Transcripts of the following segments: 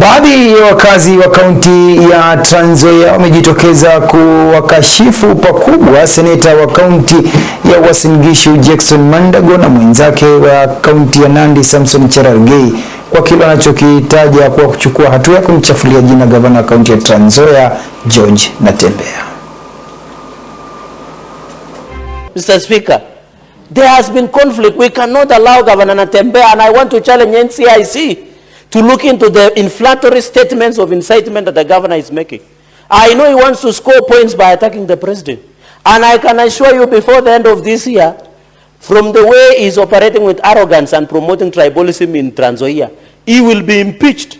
Baadhi ya wakazi wa kaunti ya Trans Nzoia wamejitokeza kuwakashifu pakubwa seneta wa kaunti ya Uasin Gishu Jackson Mandago na mwenzake wa kaunti ya Nandi Samson Cherargei kwa kile anachokitaja kwa kuchukua hatua ya kumchafulia jina gavana wa kaunti ya Trans Nzoia George Natembeya. Mr. Speaker, there has been conflict. We cannot allow Governor Natembeya and I want to challenge NCIC to look into the inflammatory statements of incitement that the governor is making. I know he wants to score points by attacking the president. And I can assure you before the end of this year, from the way he's operating with arrogance and promoting tribalism in Transoia, he will be impeached.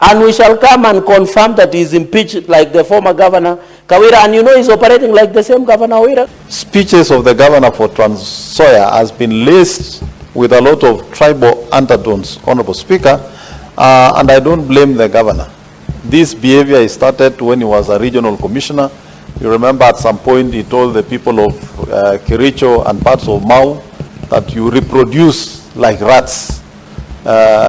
And we shall come and confirm that he's impeached like the former governor, Kawira. And you know he's operating like the same governor, Kawira. Speeches of the governor for Transoia has been laced with a lot of tribal undertones, Honorable Speaker. Uh, and I don't blame the governor. This behavior started when he was a regional commissioner. You remember at some point he told the people of uh, and parts of Mau that you reproduce like rats Uh,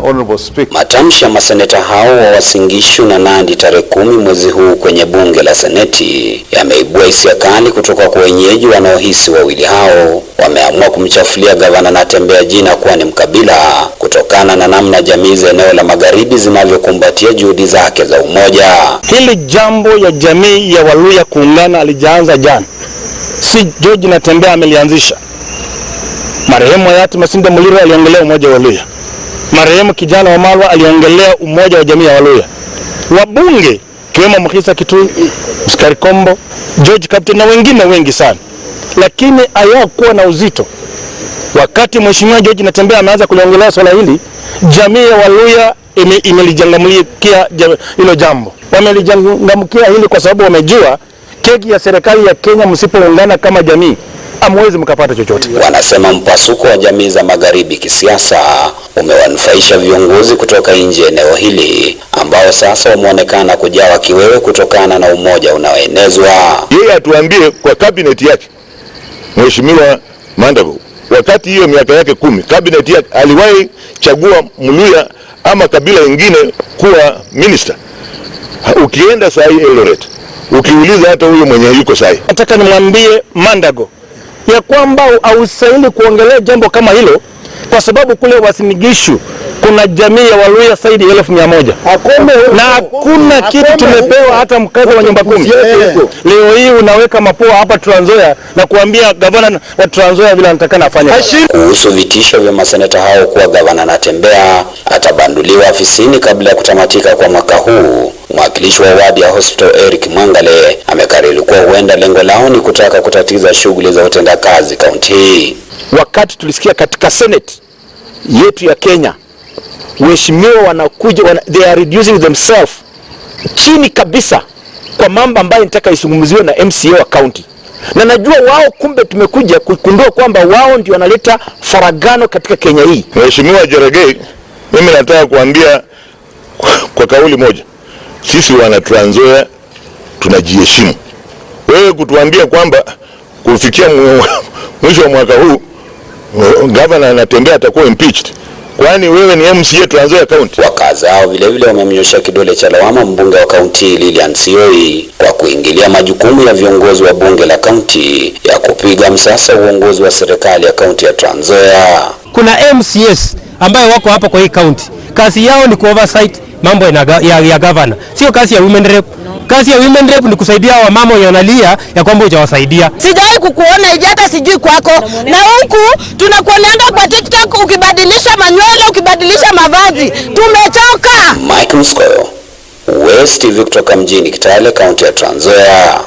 uh, matamshi ya maseneta hao wa Wasingishu na Nandi tarehe kumi mwezi huu kwenye bunge la Seneti yameibua hisia kali kutoka kwa wenyeji wanaohisi wawili hao wameamua kumchafulia gavana Natembeya jina kuwa ni mkabila kutokana na namna jamii za eneo la magharibi zinavyokumbatia juhudi zake za umoja. Hili jambo ya jamii ya Waluya kuungana alijaanza jana, si George Natembeya amelianzisha. Marehemu hayati Masinde Muliro aliongelea umoja wa Luya. Marehemu kijana wa Malwa aliongelea umoja wa jamii ya Waluya. Wabunge kiwemo Mkhisa Kitui, Mskari Kombo, George Captain na wengine wengi sana, lakini hayakuwa na uzito. Wakati mheshimiwa George natembea ameanza kuliongelea swala hili, jamii ya Waluya imelijangamkia hilo jambo, wamelijangamkia hili kwa sababu wamejua keki ya serikali ya Kenya, msipoungana kama jamii hamwezi mkapata chochote. Wanasema mpasuko wa jamii za magharibi kisiasa umewanufaisha viongozi kutoka nje eneo hili ambao sasa wameonekana kujawa kiwewe kutokana na umoja unaoenezwa. Yeye atuambie kwa kabineti yake, Mheshimiwa Mandago, wakati hiyo miaka yake kumi kabineti yake aliwahi chagua Mluya ama kabila ingine kuwa minista? Ukienda saa hii Eldoret ukiuliza hata huyo mwenye yuko sahi. Nataka nimwambie Mandago ya kwamba haustahili kuongelea jambo kama hilo, kwa sababu kule Wasinigishu kuna jamii ya Waluya zaidi ya elfu mia moja na hakuna kitu tumepewa hata mkazo wa nyumba kumi. Eh. Leo hii unaweka mapua hapa Trans Nzoia na kuambia gavana wa Trans Nzoia vile anatakana afanye. Kuhusu vitisho vya maseneta hao kuwa gavana anatembea atabanduliwa afisini kabla ya kutamatika kwa mwaka huu. Mwakilishi wa wadi ya hospital Eric Mwangale amekariri kuwa huenda lengo lao ni kutaka kutatiza shughuli za utendakazi kaunti hii. Wakati tulisikia katika Senate yetu ya Kenya, waheshimiwa wanakuja wana, they are reducing themselves chini kabisa kwa mambo ambayo nitaka isungumziwe na MCA wa county na najua wao, kumbe tumekuja kukundua kwamba wao ndio wanaleta faragano katika Kenya hii. Mheshimiwa jeregei mimi nataka kuambia kwa kauli moja, sisi wana Trans Nzoia tunajiheshimu. Wewe kutuambia kwamba kufikia mwisho wa mwaka huu eh, gavana anatembea atakuwa impeached, kwani wewe ni MCA Trans Nzoia County? Wakazi hao vilevile wamemnyoshea kidole cha lawama mbunge wa kaunti Lilian Sioi kwa kuingilia majukumu ya viongozi wa bunge la kaunti ya kupiga msasa uongozi wa serikali ya kaunti ya Trans Nzoia. Kuna MCS ambayo wako hapa kwa hii kaunti, kazi yao ni ku oversight mambo ya, ya ya gavana. Sio kazi ya women rep. Kazi ya women rep ni kusaidia wamama wenye wanalia ya kwamba hujawasaidia. Sijawahi kukuona hata sijui kwako, na huku tunakuoneaga kwa TikTok ukibadilisha manywele, ukibadilisha mavazi, tumechoka. Michael Scoyo, West TV kutoka mjini Kitale, kaunti ya Trans Nzoia.